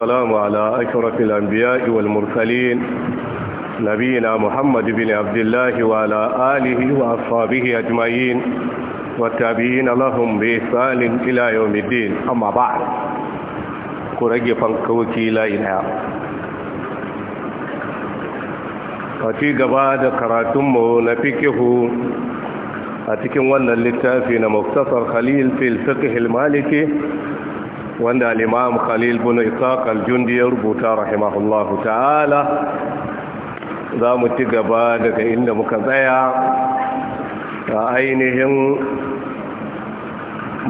السلام على أشرف الأنبياء والمرسلين نبينا محمد بن عبد الله وعلى آله وأصحابه أجمعين والتابعين لهم بإحسان إلى يوم الدين أما بعد كرجي فانكوتي لا إله أتي قباد كراتم نفكه أتكن ون اللتافي مختصر خليل في الفقه المالكي wanda Limam khalil bin isaq al-jundi ya rubuta rahimahullahu ta'ala za mu ci gaba daga inda muka tsaya a ainihin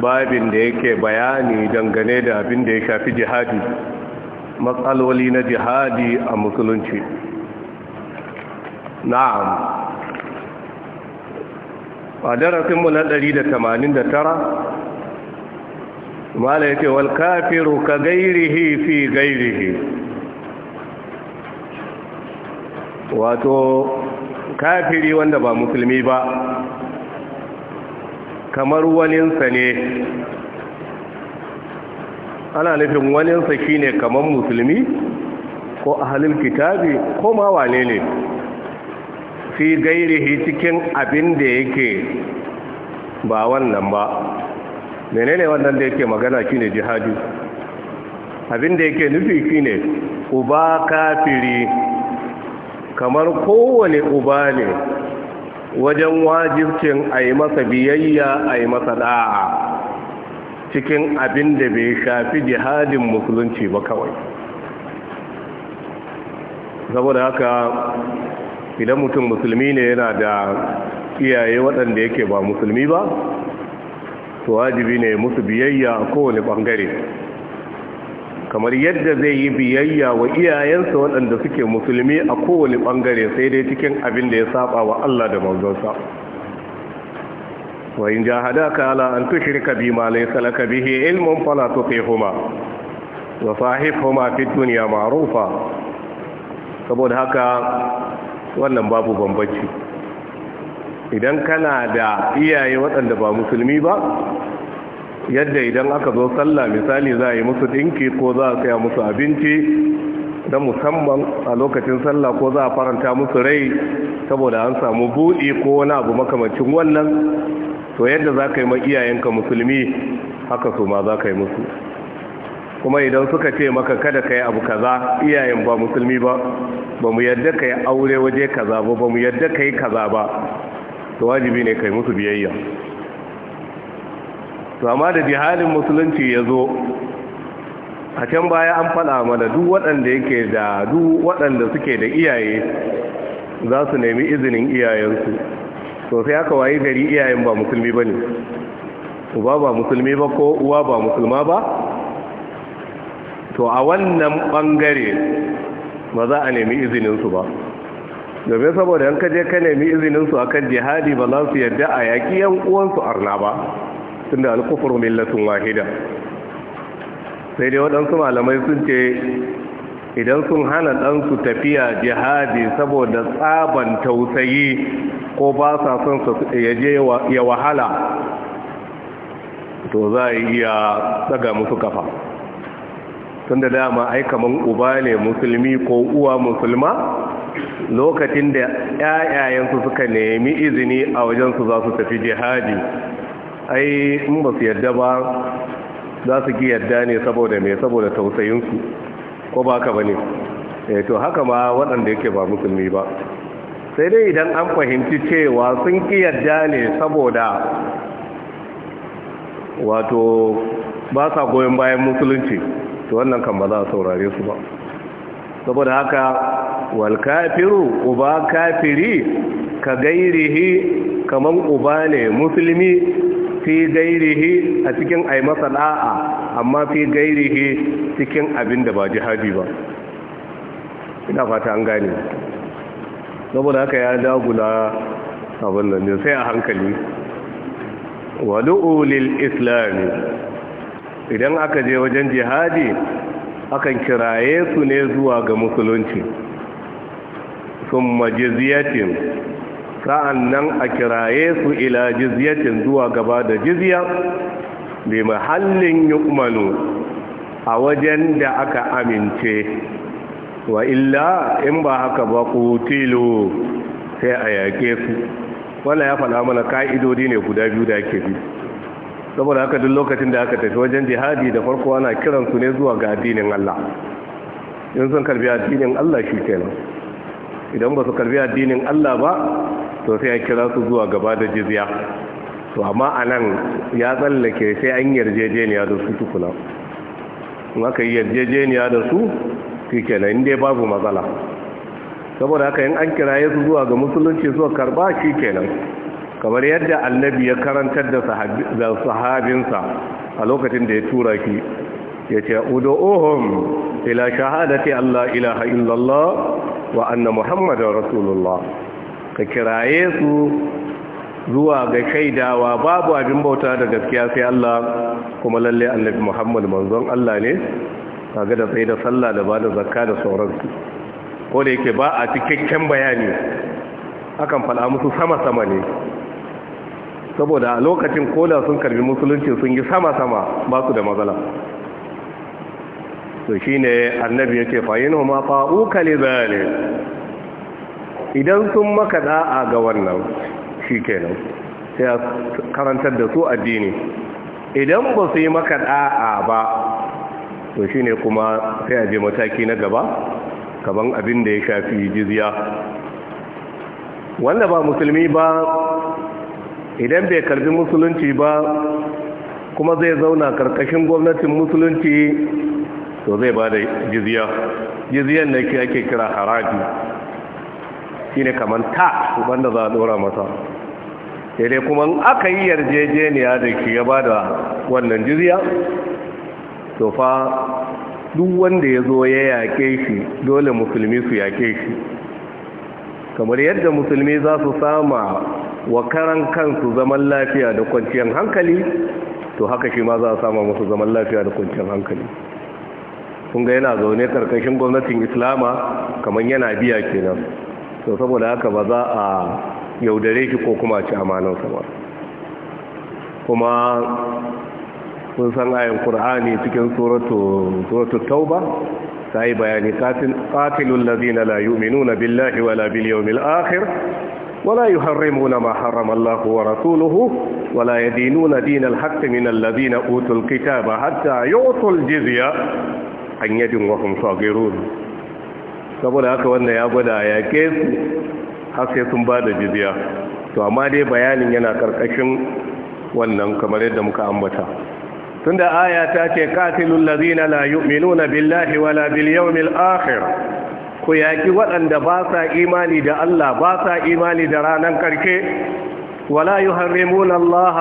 babin da yake bayani dangane da abin da ya shafi jihadi matsaloli na jihadi a musulunci na'am a darasinmu na tara. wala yace wal kafiru ka gairihi fi gairihi wato kafiri wanda ba musulmi ba kamar waninsa ne ana nufin waninsa shine kamar musulmi ko ahalin kitabi ko ma wane ne fi gairihi cikin abin da yake ba wannan ba menene wannan da yake magana shine jihadi abin da yake nufi shine uba kafiri kamar kowane uba ne wajen wajibcin a yi masa biyayya a yi masa da'a cikin abin da bai shafi jihadin musulunci ba kawai saboda haka idan mutum musulmi ne yana da iyaye waɗanda yake ba musulmi ba to wajibi ne musu biyayya a kowane bangare kamar yadda zai yi biyayya wa iyayensa waɗanda suke musulmi a kowane bangare sai dai cikin abin da ya saba wa Allah da manzonsa wa in jahadaka ala an tushrika bima laysa laka bihi ilmun fala tuqihuma wa sahibhuma fid dunya ma'rufa saboda haka wannan babu bambanci idan kana da iyaye waɗanda ba musulmi ba yadda idan aka zo sallah misali za a yi musu dinki ko za a saya musu abinci da musamman a lokacin sallah ko za a faranta musu rai saboda an samu buɗi ko wani abu makamacin wannan to yadda za ka yi ma iyayenka musulmi haka su ma za ka yi musu kuma idan suka ce maka kada ka yi abu kaza iyayen ba musulmi ba ba mu yadda ka yi aure waje kaza ba ba mu yadda ka yi kaza ba to wajibi ne ka yi musu biyayya to amma da jihalin musulunci ya zo a can baya an fada mana duk waɗanda yake da duk waɗanda suke da iyaye za su nemi izinin iyayensu to sai aka wayi gari iyayen ba musulmi ba ne uba ba musulmi ba ko uwa ba musulma ba to a wannan ɓangare ba za a nemi izininsu ba domin saboda yankaje ka nemi izininsu akan jihadi ba za su yarda a yaƙi yan uwansu arna ba tunda alkufur kufru millatun wahida sai dai waɗansu malamai sun ce idan sun hana ɗansu tafiya jihadi saboda tsaban tausayi ko ba sa son ya yaje ya wahala to za a iya tsaga musu kafa tun da dama aikaman kaman uba ne musulmi ko uwa musulma lokacin da 'ya'yayensu suka nemi izini a wajensu za su tafi jihadi ai in ba su yadda ba za su ki yadda ne saboda mai saboda tausayinsu ko ba ka ba ne eh, to haka ma waɗanda yake ba musulmi ba sai dai idan an fahimci cewa sun ki yadda ne saboda wato ba sa goyon bayan musulunci to wannan kan ba za a saurare su ba saboda haka wal kafiru uba kafiri ka gairihi kaman uba ne musulmi fi gairihi a cikin ai masa da'a amma fi gairihi cikin abin da ba jihadi ba ina fata an gane saboda haka ya dagula abin nan ne sai a hankali wadu'u lil islami idan aka je wajen jihadi akan kiraye su ne zuwa ga musulunci sun majiziyatin sa'an nan a kiraye su ila jizyatin zuwa gaba da jizya bi mahallin yukmanu a wajen da aka amince wa illa in ba haka ba kutilo sai a yake su wala ya faɗa mana ka'idodi ne guda biyu da ake bi saboda haka duk lokacin da aka tafi wajen jihadi da farko ana kiransu ne zuwa ga addinin Allah in sun karbi addinin Allah shi kenan idan ba su karbi addinin Allah ba to sai a kira su zuwa gaba da jizya to amma a nan ya tsallake sai an yarjejeniya da su tukuna in aka yi yarjejeniya da su shi kenan inda babu matsala saboda haka yin an kiraye su zuwa ga musulunci zuwa karba shi kenan kamar yadda annabi ya karantar da sahabinsa a lokacin da ya tura ki ya ce Udo ohun ila shahadati Allah ilaha illallah wa anna muhammadin rasulullah ka kiraye su zuwa ga shaidawa babu abin bauta da gaskiya sai Allah kuma lalle annabi Muhammad manzon Allah ne kaga da tsaye da sallah da bada zakka da sauransu ko da yake ba a cikakken bayani akan fada musu sama sama ne saboda a lokacin koda sun karbi musulunci sun yi sama sama ba su da matsala to shine annabi yake fa yin ma fa'u li idan sun maka da'a ga wannan shi kenan sai karantar da su addini idan ba su yi maka da'a ba to shi ne kuma sai a je mataki na gaba kaban abin da ya shafi jizya wanda ba musulmi ba idan bai karbi musulunci ba kuma zai zauna karkashin gwamnatin musulunci to zai ba da jizya jizyan da ake kira haraji shine kaman ta wanda za a dora masa sai kuma kuma aka yi yarjejeniya da ke gaba da wannan jiziya to fa duk wanda ya zo ya yaƙe shi dole musulmi su yaƙe shi kamar yadda musulmi za su sama wa karan kansu zaman lafiya da kwanciyar hankali to haka shi ma za a sama musu zaman lafiya da kwanciyar hankali kunga yana zaune karkashin gwamnatin islama kamar yana biya kenan to saboda haka ba za a yaudare shi ko kuma ci amanansa ba kuma sun san ayin ƙur'ani cikin suratu tauba ta yi bayani ƙatilun lazina la yu'minuna billahi wala bil mil akhir wala yuharrimuna ma harrama Allah wa rasuluhu wala yadinuna dinal haqqi min alladhina utul kitaba hatta yu'tul jizya an yadin wa saboda haka wannan ya gwada ya ke su har sai sun ba da jibiya, to amma dai bayanin yana karkashin wannan kamar yadda muka ambata tunda aya ta ce qatilul ladina la yu'minuna billahi wala bil yawmil akhir ku yaki waɗanda ba sa imani da Allah ba sa imani da ranar karke wala yuharrimuna Allah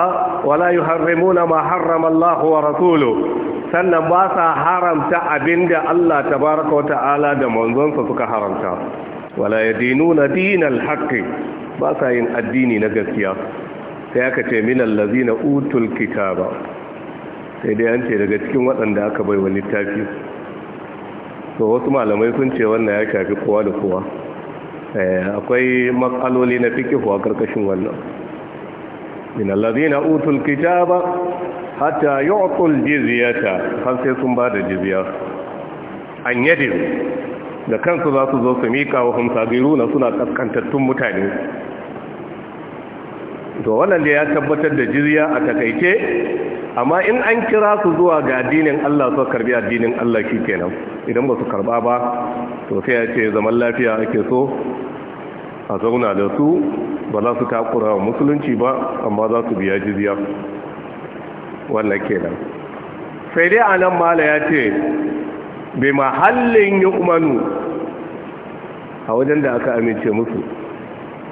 wala yuharrimuna ma harrama Allah wa rasuluhu sannan ba sa haramta abinda Allah baraka wa ta'ala da manzonsa suka haramta wala ya na dinar haƙƙi. ba sa yin addini na gaskiya sai aka ce minal lazina utul kitaba sai dai an ce daga cikin waɗanda aka bai wa littafi So wasu malamai sun ce wannan ya shafi kowa da kowa eh, akwai makaloli na fikihu a ƙarƙashin wannan minal lazina utul kitaba hatta yu'tul jizyata har sai sun bada jizya an yadin da kansu za su zo su mika wa hum sagiruna suna kaskantattun mutane to wannan da ya tabbatar da jizya a takaice amma in an kira su zuwa ga addinin Allah su karbi addinin Allah kenan idan ba su karba ba to sai ya ce zaman lafiya ake so a zauna da su ba za su takura musulunci ba amma za su biya jizya wannan kenan sai dai anan mala ya ce bi mahallin yu'manu a wajen da aka amince musu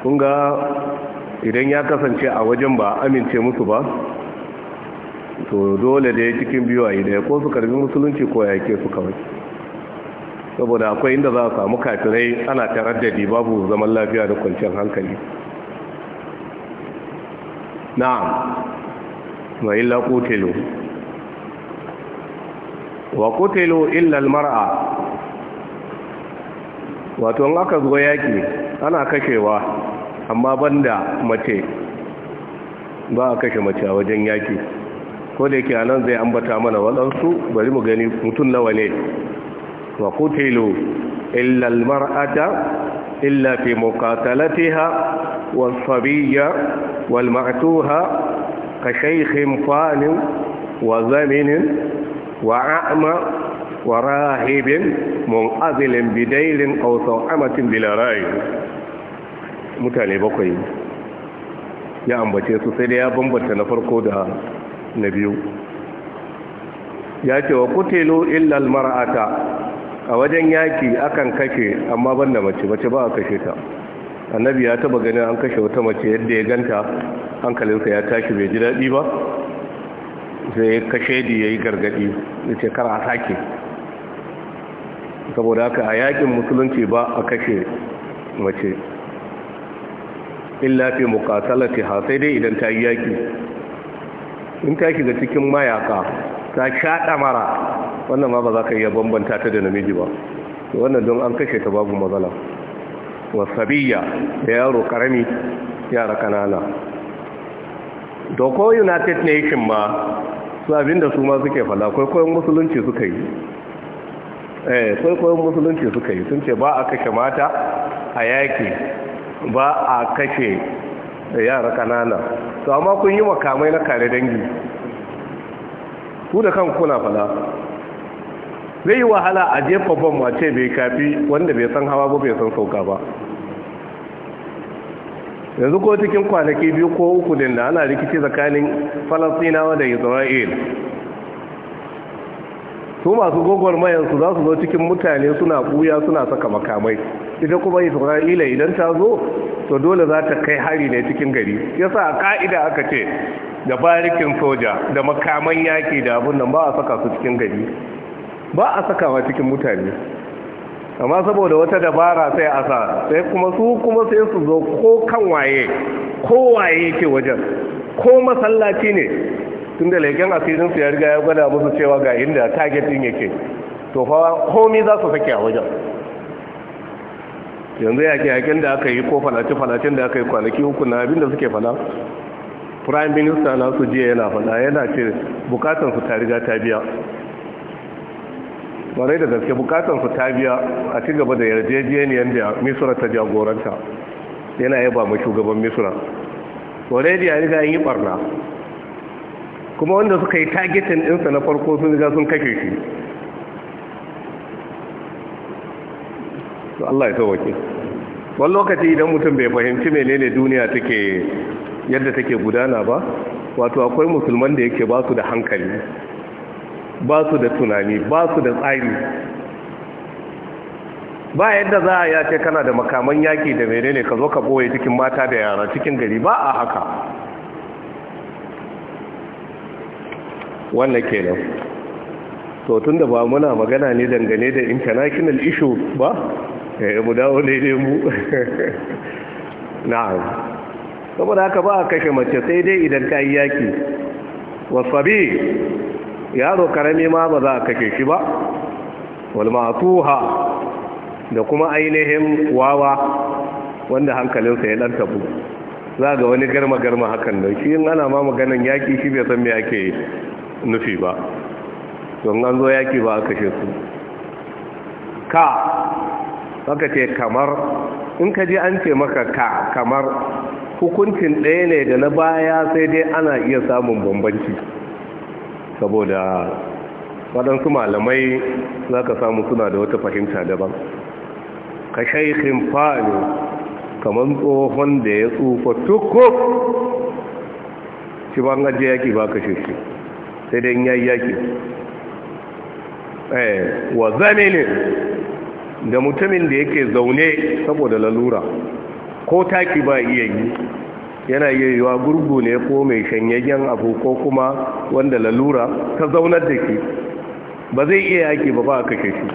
kun idan ya kasance a wajen ba amince musu ba to dole da ya cikin biyu a yi idaya ko su karbi musulunci ko yake su kawai saboda akwai inda za a samu kafirai ana taraddadi babu zaman lafiya da kwanciyar hankali na'am wa illa qutilu wa qutilu illa almar'a wato in aka zo yaki ana kashewa amma banda mace ba kashe mace a wajen yaki ko da yake anan zai ambata mana waɗansu bari mu gani mutum nawa ne wa qutilu illa almar'ata illa fi muqatalatiha والصبية والمعتوها كشيخ فان وزمن وأعمى وراهب منعزل بديل أو صوعمة بلا راي mutane bakwai ya ambace su sai da ya bambanta na farko da na biyu ya ce wa kutelo illal mar'ata a wajen yaki akan kake amma banda mace mace ba a kashe ta annabi ya taba ganin an kashe wata mace yadda ya ganta hankalinsa ya tashi bai ji daɗi ba sai ya kashe da ya yi gargaɗi ya ce a sake saboda haka a yakin musulunci ba a kashe mace illa fi mukatalati ha sai dai idan ta yi yaki in ta shiga cikin mayaka ta shaɗa mara wannan ma ba za ka iya bambanta ta da namiji ba wannan don an kashe ta babu matsala wasabiya da yaro karami yara kanana doko united nation ma su abinda su ma suke fada kwaikwayon musulunci suka yi eh kwaikwayon musulunci suka yi sun ce ba a kashe mata a yaki ba a kashe yara kanana to amma kun yi makamai na kare dangi ku da kan kuna fada zai yi wahala a jefa bom a ce bai kafi wanda bai san hawa ba bai san sauka ba yanzu ko cikin kwanaki biyu ko uku din da ana rikici tsakanin falasinawa da isra'il su masu gwagwarmayansu za su zo cikin mutane suna buya suna saka makamai ita kuma isra'ila idan ta zo to dole za ta kai hari ne cikin gari yasa a ka'ida aka ce da barikin soja da makaman yaki da abin nan ba a saka su cikin gari ba a sakawa cikin mutane amma saboda wata dabara sai a sa sai kuma su kuma sai su zo ko kan waye ko waye ke wajen ko masallaci ne tun da leken asirin su ya riga ya gwada musu cewa ga inda target yake to fa komai za su sake a wajen yanzu ya ke yakin da aka yi ko falace-falacen da aka yi kwanaki uku na abinda suke fana prime minister na su jiya yana fana yana ce bukatansu ta riga ta biya warai da gaske bukatar ta biya a ci gaba da yarjejeniyar da misra ta jagoranta yana yaba mai shugaban warai da yari riga yi barna kuma wanda suka yi targetin ɗinsa na farko sun ga sun kashe shi Allah ya sauwake wani lokaci idan mutum bai fahimci menene duniya take yadda take gudana ba wato akwai musulman da yake ba su da hankali ba su da tunani ba su da tsari ba yadda za a yace kana da makaman yaki da menene ka zo ka boye cikin mata da yara cikin gari ba a haka wannan kenan to tun da ba muna magana ne dangane da international issue ba ya eh, mu dawo daidai mu na'am saboda haka ba a kashe mace sai dai idan ta yi yaki wasabi yaro karami ma ba za a kashe shi ba walmatuha da kuma ainihin wawa wanda hankalinsa ya danta bu za ga wani garma-garma hakan da shi in ana ma maganan yaki shi bai san me ake nufi ba don an zo yaki ba a kashe su ka haka ce kamar in ka ji an ce maka ka kamar hukuncin ɗaya ne da na baya sai dai ana iya samun bambanci saboda waɗansu malamai za ka samu suna da wata fahimta daban ka shaikhin fa’ani kamar tsohon da ya tsufa tukko shi ba ajiye yaƙi ba ka shirki sai dai yayi yaƙi eh, wa zane ne da mutumin da yake zaune saboda lalura ko taki ba iya yi yana yiwuwa gurgu ne ko mai shanyayyen abu ko kuma wanda lalura ta zaunar da ke ba zai iya yaki ba ba a kake shi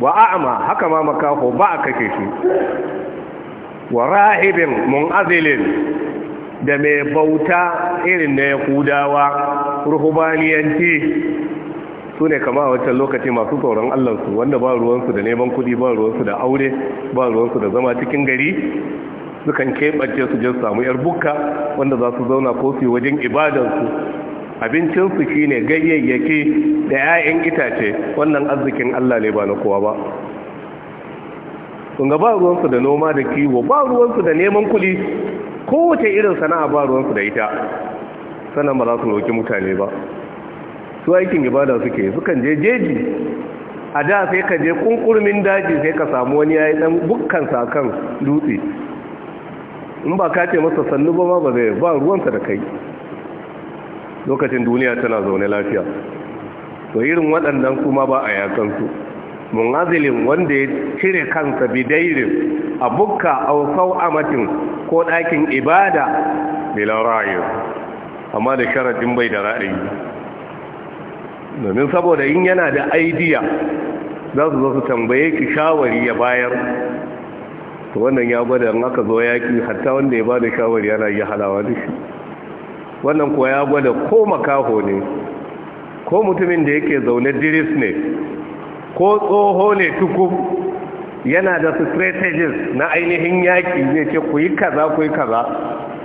wa a'ama haka ma makaho ba a kake shi wa rahibin da mai bauta irin na yahudawa ruhubaniyanci su ne kama a wancan lokaci masu tsoron allansu wanda ba ruwansu da neman kudi ba ruwansu da aure ba ruwansu da zama cikin gari sukan keɓance su je samu yar bukka wanda za su zauna ko su yi wajen ibadansu abincinsu shi ne ganyayyaki da 'ya'yan itace wannan arzikin Allah ne ba na kowa ba sun ga ba ruwansu da noma da kiwo ba ruwansu da neman kuli kowace irin sana'a ba ruwansu da ita Sana ba za su roƙi mutane ba su aikin ibada suke sukan je jeji a da sai ka je kunkurmin daji sai ka samu wani ya yi ɗan bukkansa kan dutse in ba ka ce masa sannu ba ma ba zai ba ruwansa da kai lokacin duniya tana zaune lafiya to irin waɗannan kuma ba a yakansu munazilin wanda ya cire kansa bidairin a bukka au amatin ko ɗakin ibada bilan ra'ayi amma da sharadin bai da ra'ayi domin saboda in yana da aidiya za su zo su tambaye ki shawari ya bayar to wannan ya gwada in aka zo yaƙi hatta wanda ya ba da shawari yana yi halawa da shi wannan kuwa ya gwada ko makaho ne ko mutumin da yake zaune diris ne ko tsoho ne tuku yana da strategies na ainihin yaƙi zai ce ku yi kaza ku yi kaza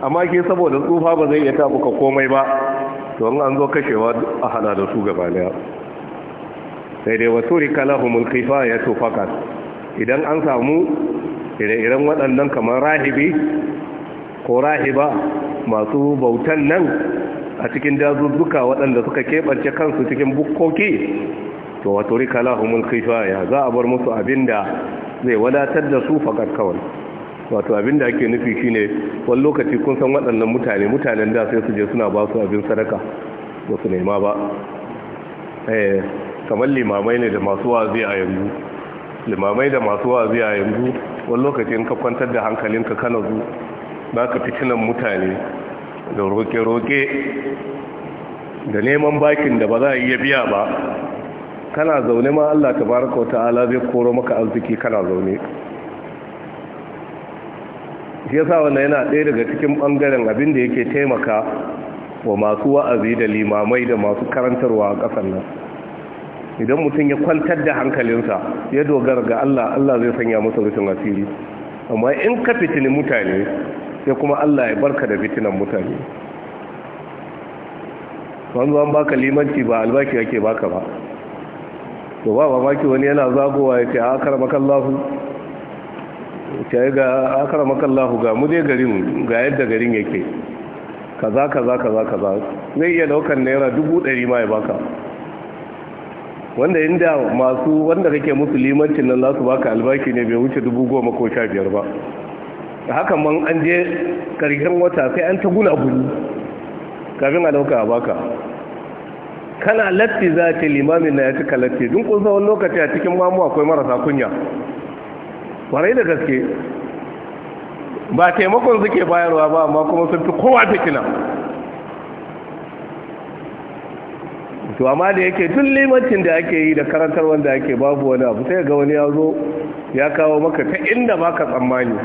amma ke saboda tsufa ba zai iya kuka komai ba to an zo kashewa a hada da su gaba daya sai dai wasu rikalahumul ya to fakat idan an samu ire-iren waɗannan kamar rahibi ko rahiba masu bautan nan a cikin dazuzzuka waɗanda suka keɓance kansu cikin bukkoki to wato rika lahumul kifaya za a bar musu abin da zai wadatar da su faƙar kawai wato da ake nufi shi ne wani lokaci kun san waɗannan mutane mutanen da sai su je suna ba su abin sadaka ba su nema ba eh, kamar limamai ne da masu wazi a yanzu limamai da masu wazi a yanzu wani lokacin ka kwantar da hankalinka kana zu ba ka fitinan mutane da roƙe-roƙe da neman bakin da ba za a iya biya ba kana zaune ma Allah ta baraka wa ta'ala zai koro maka arziki kana zaune shi sa wanda yana ɗaya daga cikin ɓangaren abin da yake taimaka wa masu wa'azi da limamai da masu karantarwa a ƙasar nan idan mutum ya kwantar da hankalinsa ya dogara ga Allah Allah zai sanya masa rufin asiri amma in ka fitini mutane sai kuma Allah ya barka da fitinan mutane wanzu an baka limanci ba albaki ake baka ba to ba mamaki wani yana zagowa ya ce a karamakallahu ce ga a karamakallahu ga mu dai garin ga yadda garin yake kaza kaza kaza kaza zai iya daukan naira dubu ɗari ma ya baka wanda inda masu wanda kake limancin nan za su baka albashi ne bai wuce dubu goma ko sha biyar ba haka man an je karshen wata sai an ta guna guni kafin a dauka a baka kana latti za ta limamin na ya cika latti dun kun wani lokaci a cikin mamu akwai marasa kunya warai da gaske ba taimakon suke bayarwa ba amma kuma sun fi kowa fitina to amma da yake tun limancin da ake yi da karantar wanda ake babu wani abu sai ga wani ya zo ya kawo maka ta inda baka tsammani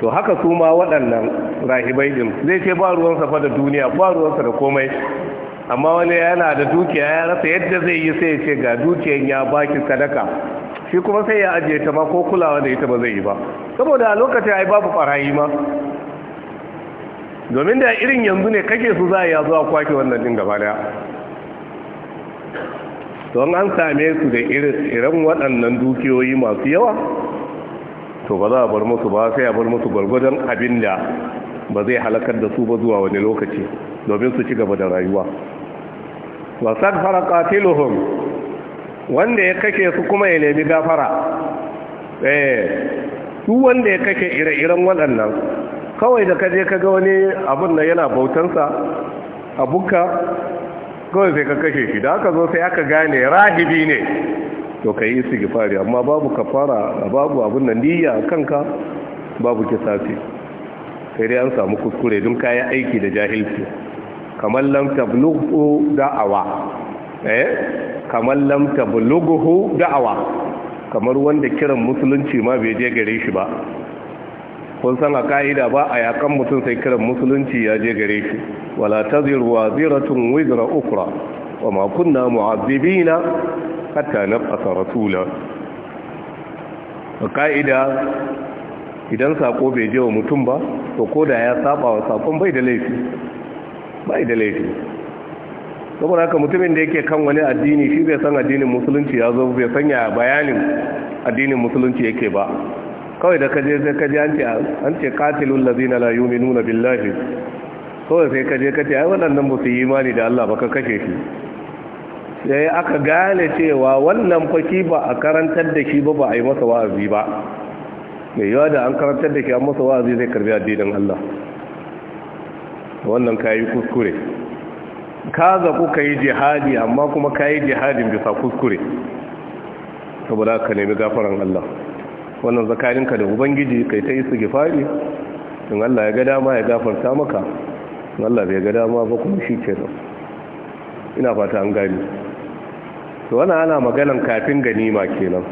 to haka su waɗannan rahibai din zai ce ba ruwansa fa da duniya ba ruwansa da komai amma wani yana da dukiya ya rasa yadda zai yi sai ya ce ga dukiyan ya baki sadaka shi kuma sai ya ajiye ta ma ko kulawa da ita ba zai yi ba saboda a lokacin ai babu barayi ma domin da irin yanzu ne kake su za a yazo a kwake wannan din gaba daya don an same su da irin waɗannan dukiyoyi masu yawa to ba za a bar musu ba sai a bar musu gwargwadon abin da ba zai halakar da su ba zuwa wani lokaci domin su ci gaba da rayuwa wasan fara katiluhun wanda ya kake su kuma ya nemi gafara eh su wanda ya kake ire-iren waɗannan kawai da kaje ka ga wani abun da yana bautansa a bukka kawai sai ka kashe shi da aka zo sai aka gane rahibi ne to ka yi fara. amma babu kafara babu abin da niyya kanka babu kisasi sai dai an samu kuskure don kayan aiki da jahilci kamar lam tablughu da'awa eh kamar lam tablughu da'awa kamar wanda kiran musulunci ma bai je gare shi ba kun san a ka'ida ba a yakan mutum sai kiran musulunci ya je gare shi wala tazir wa ziratun wizra ukra wa ma kunna mu'azzibina hatta nab'atha rasula a ka'ida idan sako bai je wa mutum ba to koda ya saba wa sakon bai da laifi bai da laifi saboda haka mutumin da yake kan wani addini shi bai san addinin musulunci ya zo bai sanya bayanin addinin musulunci yake ba kawai da kaje sai kaje an ce an ce qatilul ladina la yu'minuna billahi kawai sai kaje kace ai waɗannan ba su yi imani da Allah ba ka kashe shi sai aka gane cewa wannan faki ba a karantar da shi ba ba a yi masa wa'azi ba mai yawa da an karantar da shi an masa wa'azi zai karbi addinin Allah wannan kayi kuskure Ka kaza kuka yi jihadi amma kuma kayi jihadin bisa kuskure saboda ka nemi gafaran Allah wannan zakarinka da ubangiji kai ta yi su gifari in Allah ya ga dama ya gafarta maka in Allah bai ga dama ba kuma shi nan. ina fata an gani to wannan ana maganan kafin ganima kenan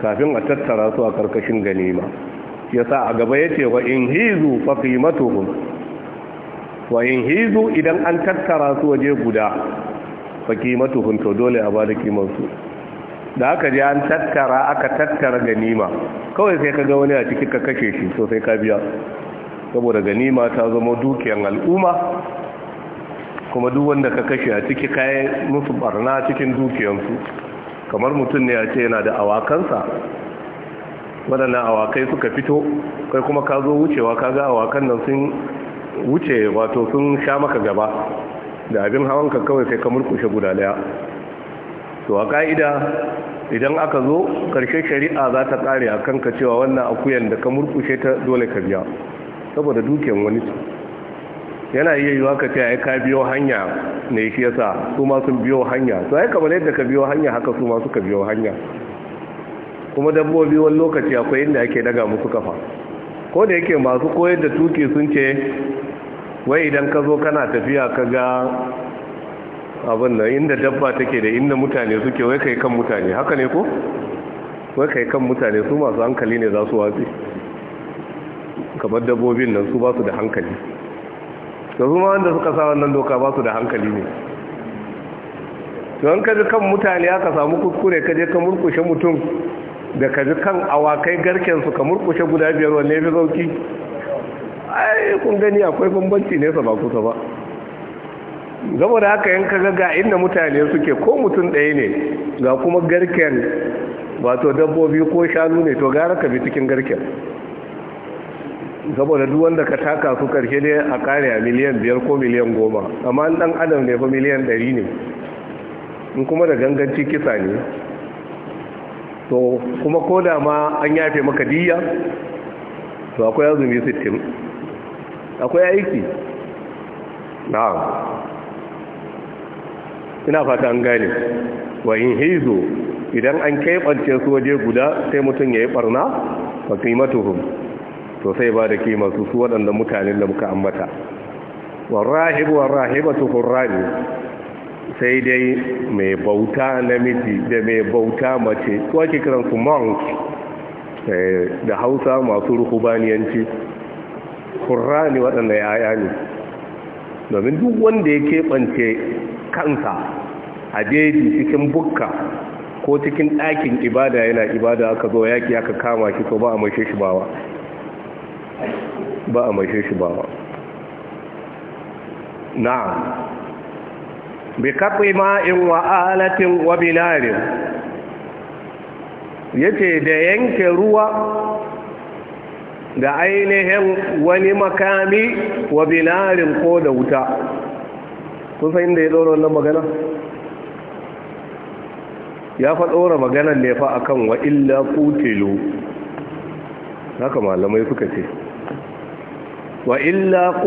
kafin a tattara su a karkashin ganima sa a gaba ya ce wa in hizu fa matuhun wa in hizu idan an tattara su waje guda fa matuhun to dole a bada kimansu da aka je an tattara aka tattara ganima kawai sai ka ga wani a ciki ka kashe shi so sai ka biya saboda ganima ta zama dukiyar al'umma kuma duk wanda ka kashe a ciki kai musu barna cikin dukiyarsu kamar mutum ne ya ce yana da awakansa waɗannan awakai suka fito kai kuma ka zo wucewa ka ga awakan nan sun wuce wato sun sha maka gaba da abin hawanka kawai sai ka murkushe guda daya to a ka'ida idan aka zo karshe shari'a za ta kare a kanka cewa wannan akuyan da ka murkushe ta dole ka biya saboda dukiyan wani yana iya yiwa ka ce ai ka biyo hanya ne shi yasa su ma biyo hanya to ai kamar yadda ka biyo hanya haka su ma suka biyo hanya kuma dabbobi wani lokaci akwai inda ake daga musu kafa ko da yake masu koyar da tuki sun ce wai idan ka zo kana tafiya ka ga abin nan inda dabba take da inda mutane suke wai kai kan mutane haka ne ko wai kai kan mutane su masu hankali ne za su watsi kamar dabbobin nan su ba su da hankali da su ma wanda suka sa wannan doka ba su da hankali ne don kaji kan mutane aka samu kuskure kaje ka murkushe mutum da kaji kan awakai garkensu ka murkushe guda biyar wanne fi sauki ai kun gani akwai bambanci nesa ba kusa ba da haka yanka gaga inda mutane suke ko mutum ɗaya ne ga kuma garken wato dabbobi ko shanu ne to gara ka bi cikin garken saboda duk wanda ka taka su karshe ne a kare a miliyan biyar ko miliyan goma amma an ɗan adam ne ba miliyan ɗari ne in kuma da ganganci kisa ne to kuma ko da ma an yafe maka diya to akwai azumi sittin akwai aiki na'am ina fata an gane wa in hizo idan an keɓance su waje guda sai mutum ya yi ɓarna wa kimatuhum to sai ba da kima su su waɗanda mutanen da muka ambata wa rahibu wa rahibatu qurrani sai dai mai bauta namiji da mai bauta mace su ake kiran monk eh, da hausa masu ruhubaniyanci qurrani waɗanda yaya ne domin duk wanda ya keɓance kansa a jeji cikin bukka ko cikin ɗakin ibada yana ibada aka zo yaƙi aka kama shi to ba a mashe shi bawa ba a mashe shi bawa na'am bi kafi ma'in wa alatin wa binarin yace da yanke ruwa da ainihin wani makami wa binarin ko da wuta kun san inda ya ɗora wannan magana ya fa maganar ne fa akan wa illa kutilu haka malamai suka ce wa illa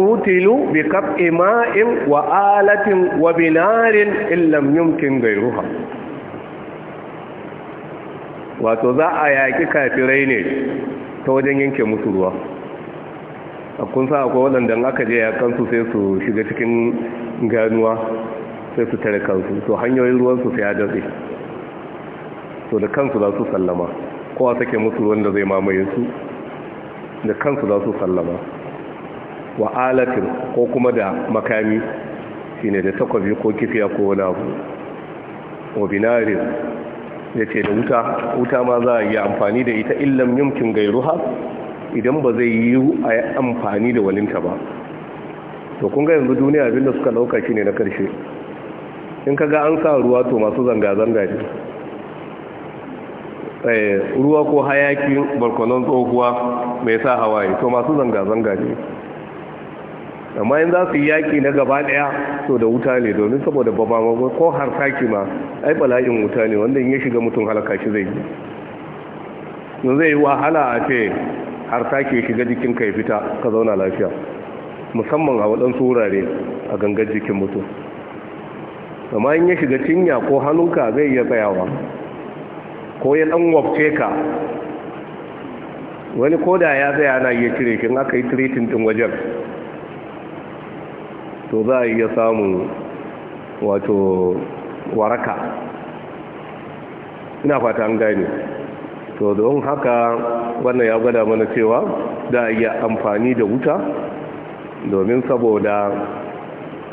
bi kaf ima'in wa alatin wa binarin illam yumkin gairuha wato za a yaki kafirai ne ta wajen yanke musu ruwa a kunsa akwai waɗanda aka je yakansu sai su shiga cikin ganuwa sai su tare kansu to hanyoyin ruwansu sai ya datse to da kansu za su sallama kowa sake musu wanda zai mamaye su da kansu za su sallama wa alatin ko kuma da makami shine da takwabi ko kifiya ko wani abu wa binarin ya ce da wuta wuta ma za a yi amfani da ita illam yumkin gairuha idan ba zai yi a yi amfani da walinta ba to kun ga yanzu duniya abinda suka lauka shine na karshe in kaga an sa ruwa to masu zanga-zanga ne Eh, ruwa ko hayaki barkonon tsohuwa mai sa hawaye to masu zanga-zanga ne amma yin za su yi yaƙi na gaba ɗaya to da wuta ne domin saboda ba mamagon ko saki ma ai bala'in wuta ne wanda ya shiga mutum halaka shi zai yi yanzu zai yi wahala a ce harsaki shiga jikin ka ya fita ka zauna lafiya musamman a waɗansu wurare a gangar jikin mutum amma in ya shiga cinya ko hannunka zai iya tsayawa ko ya dan wafce ka wani koda ya tsaya ana iya cire kin aka yi treating ɗin wajen to za a iya samun wato waraka ina fata an gane to don haka wannan ya gwada mana cewa za a iya amfani da wuta domin saboda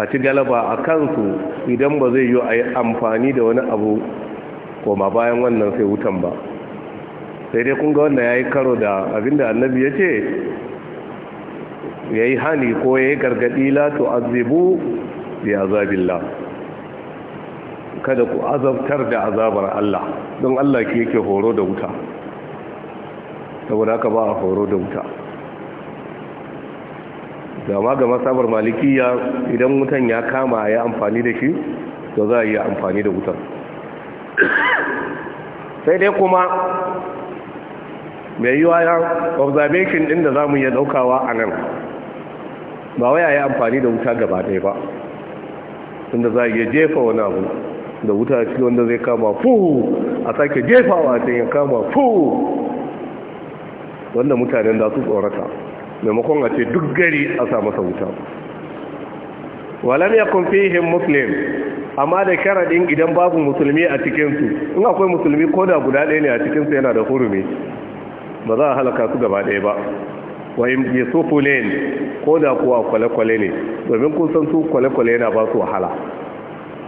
a ci galaba a kansu idan ba zai a yi amfani da wani abu koma bayan wannan sai wutan ba sai dai kunga wannan ya yi karo da abinda annabi ya ce ya yi hani ko ya yi gargaɗi latu azibu bi azabillah kada ku azabtar da azabar Allah don Allah ke yake horo da wuta saboda haka ba a horo da wuta dama ga masabar malikiya idan wutan ya kama ya amfani da shi to za a yi amfani da wutan sai dai kuma mai yiwa ya observation din da za mu iya daukawa a nan ba waya ya yi amfani da wuta gaba ɗaya ba Inda za a iya jefa wani abu da wuta cikin wanda zai kama fuhu a sake jefawa a cikin kama fuhu wanda mutanen da su tsorata maimakon a ce duk gari a sa masa wuta walam ya kumfihin muslim amma da sharadin idan babu musulmi a cikinsu in akwai musulmi ko da guda ɗaya ne a cikinsu yana da hurumi ba za a halaka su gaba ɗaya ba wayin ya so fule ne ko da kuwa kwale-kwale ne domin kun san su kwale-kwale yana ba su wahala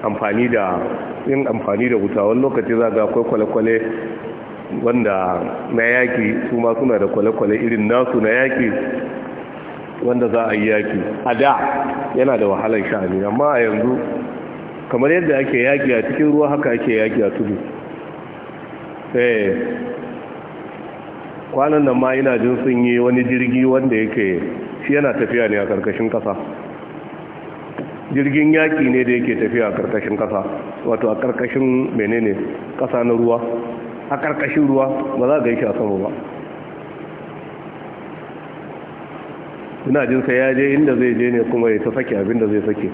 amfani da yin amfani da wuta wani lokaci za ga akwai kwale-kwale wanda na yaƙi su ma suna da kwale-kwale irin nasu na yaki wanda za a yi yaki a da yana da wahalar sha'ani amma a yanzu kamar yadda ake yaƙi a cikin ruwa haka ake yaƙi a tudu eh kwanan nan ma ina jin sun yi wani jirgi wanda yake shi yana tafiya ne a ƙarƙashin ƙasa jirgin yaƙi ne da yake tafiya a ƙarƙashin ƙasa wato a ƙarƙashin menene ƙasa na ruwa a ƙarƙashin ruwa ba za ga yi a sama ba ina jin sai ya je inda zai je ne kuma ya ta sake abinda zai sake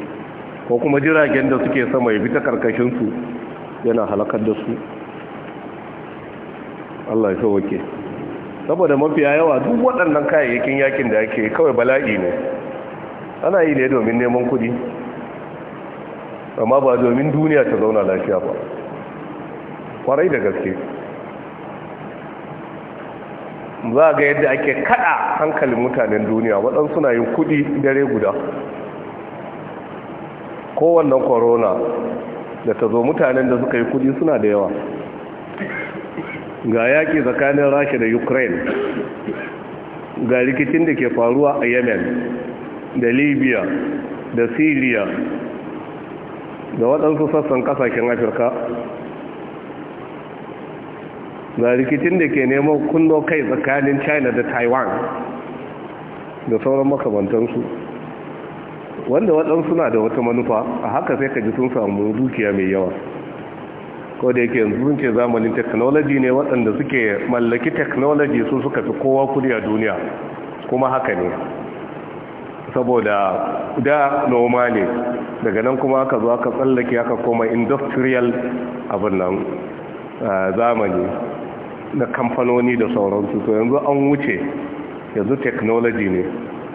ko kuma jiragen da suke sama ya fita karkashin karkashinsu yana halakar da su Allah ya sauke saboda mafiya yawa duk waɗannan kayayyakin yakin da ake kawai bala'i ne ana yi ne domin neman kudi amma ba domin duniya ta zauna lafiya ba kwarai da gaske za ga yadda ake kada hankalin mutanen duniya waɗansu na yin kudi dare guda kowannan korona da ta zo mutanen da suka yi kudi suna da yawa ga yaƙi tsakanin rasha da ukraine ga rikicin da ke faruwa a yemen da libya da syria da waɗansu sassan ƙasashen afirka ga rikicin da ke neman kunno kai tsakanin china da taiwan da sauran makamantansu wanda waɗansu na da wata manufa a haka sai ka ji sun samu dukiya mai yawa ko da yake yanzu sun ce zamanin technology ne waɗanda suke mallaki technology su suka fi kowa kudi a duniya kuma haka ne saboda da noma ne daga nan kuma aka zo aka tsallake aka koma industrial abin nan zamani na kamfanoni da sauransu to yanzu an wuce yanzu technology ne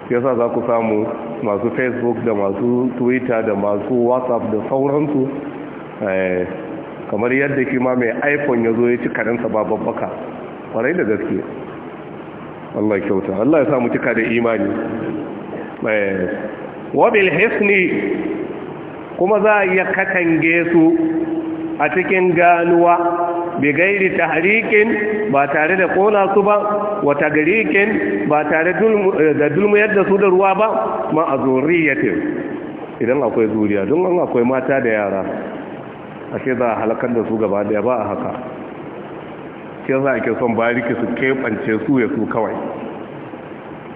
yasa za ku samu masu facebook da masu twitter da masu whatsapp da sauransu eh, kamar yadda kima mai iphone ya zo ya ci karensa ba babbaka kwarai da gaske Allah kyauta Allah ya samu cika da imani eh, wabil hisni kuma za a iya katange su a cikin ganuwa bi gairi tahriqin ba tare da kona su ba wa tagriqin ba tare da dulmuyar yadda su da ruwa ba ma azuriyatin idan akwai zuriya don an akwai mata da yara a ce za a halakar da su gaba daya ba a haka ce za a ke son bariki su keɓance su ya su kawai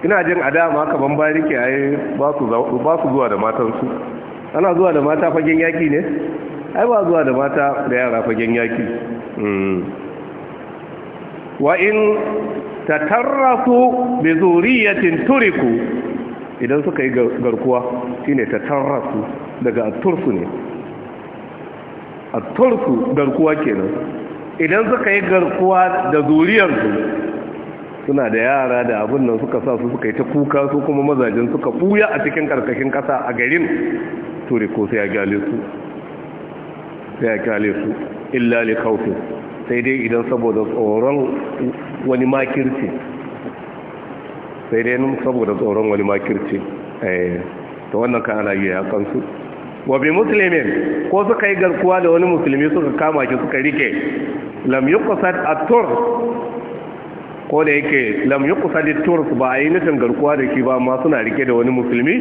ina jin a dama kaban bariki a yi ba su zuwa da matansu ana zuwa da mata fagen yaki ne ai ba zuwa da mata da yara fagen yaki Mm. wa in tatarrafu bi zuriyatin turiku idan suka yi garkuwa shine tatarrafu daga turfu ne turfu garkuwa kenan idan suka yi garkuwa da zuriyarsu suna da yara da abin nan suka sa su suka yi ta kuka su kuma mazajen suka buya a cikin karkashin kasa a garin turiku sai ya gyale sai ya gyale su illa li kawfi sai dai idan saboda tsoron wani makirci sai dai nun saboda tsoron wani makirci eh, ta wannan ka ana yi a kansu wa bi musulmin ko suka yi garkuwa da wani musulmi suka kama shi suka rike lam yuqsad a tur ko da yake lam yuqsad a tur ba a yi nufin garkuwa da shi ba amma suna rike da wani musulmi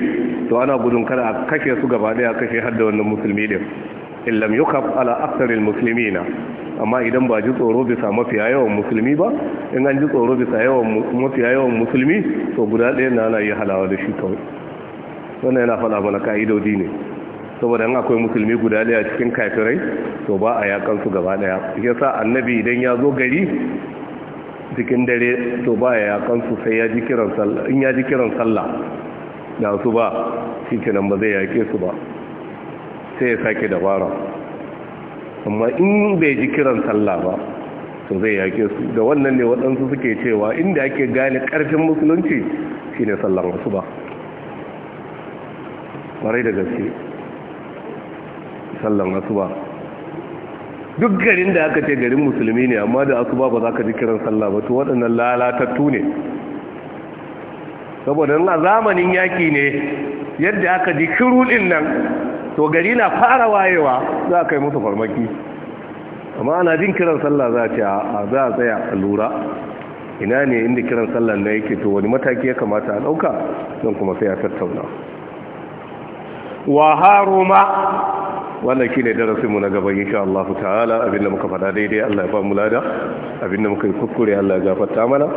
to ana gudun kada a kashe su gaba daya kashe har da wannan musulmi din in lam yukaf ala na, muslimina amma idan ba ji tsoro bisa mafiya yawan musulmi ba in an ji tsoro bisa yawan mafiya yawan musulmi to guda ɗaya na ana iya halawa da shi kawai wannan yana faɗa mana ka'idodi ne saboda in akwai musulmi guda ɗaya cikin kafirai to ba a yakan su gaba ɗaya yasa annabi idan ya zo gari cikin dare to ba ya yakan su sai ya ji kiran sallah in ya ji kiran sallah da su ba shi kenan ba zai yake su ba sai ya sake dabara amma in bai ji kiran sallah ba to zai yake su da wannan ne waɗansu suke cewa inda ake gane ƙarfin musulunci shine sallar wasu ba ƙwarai da gaske sallar wasu ba duk garin da aka ce garin musulmi ne amma da asuba ba za ka ji kiran sallah ba to waɗannan lalatattu ne saboda na zamanin yaƙi ne yadda aka ji shiru din nan to gari na fara wayewa za a kai musu farmaki amma ana jin kiran sallah za a a za a tsaya a lura ina ne inda kiran sallah na yake to wani mataki ya kamata a ɗauka don kuma sai a tattauna wa haruma wannan shine darasin mu na gaba insha Allah ta'ala abinda muka faɗa daidai Allah ya ba mu lada abinda muka yi kukure Allah ya gafarta mana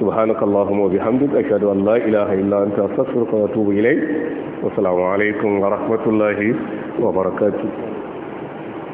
subhanakallahumma wa bihamdika ashhadu an la ilaha illa anta astaghfiruka wa atubu ilayk wa assalamu alaikum wa rahmatullahi wa barakatuh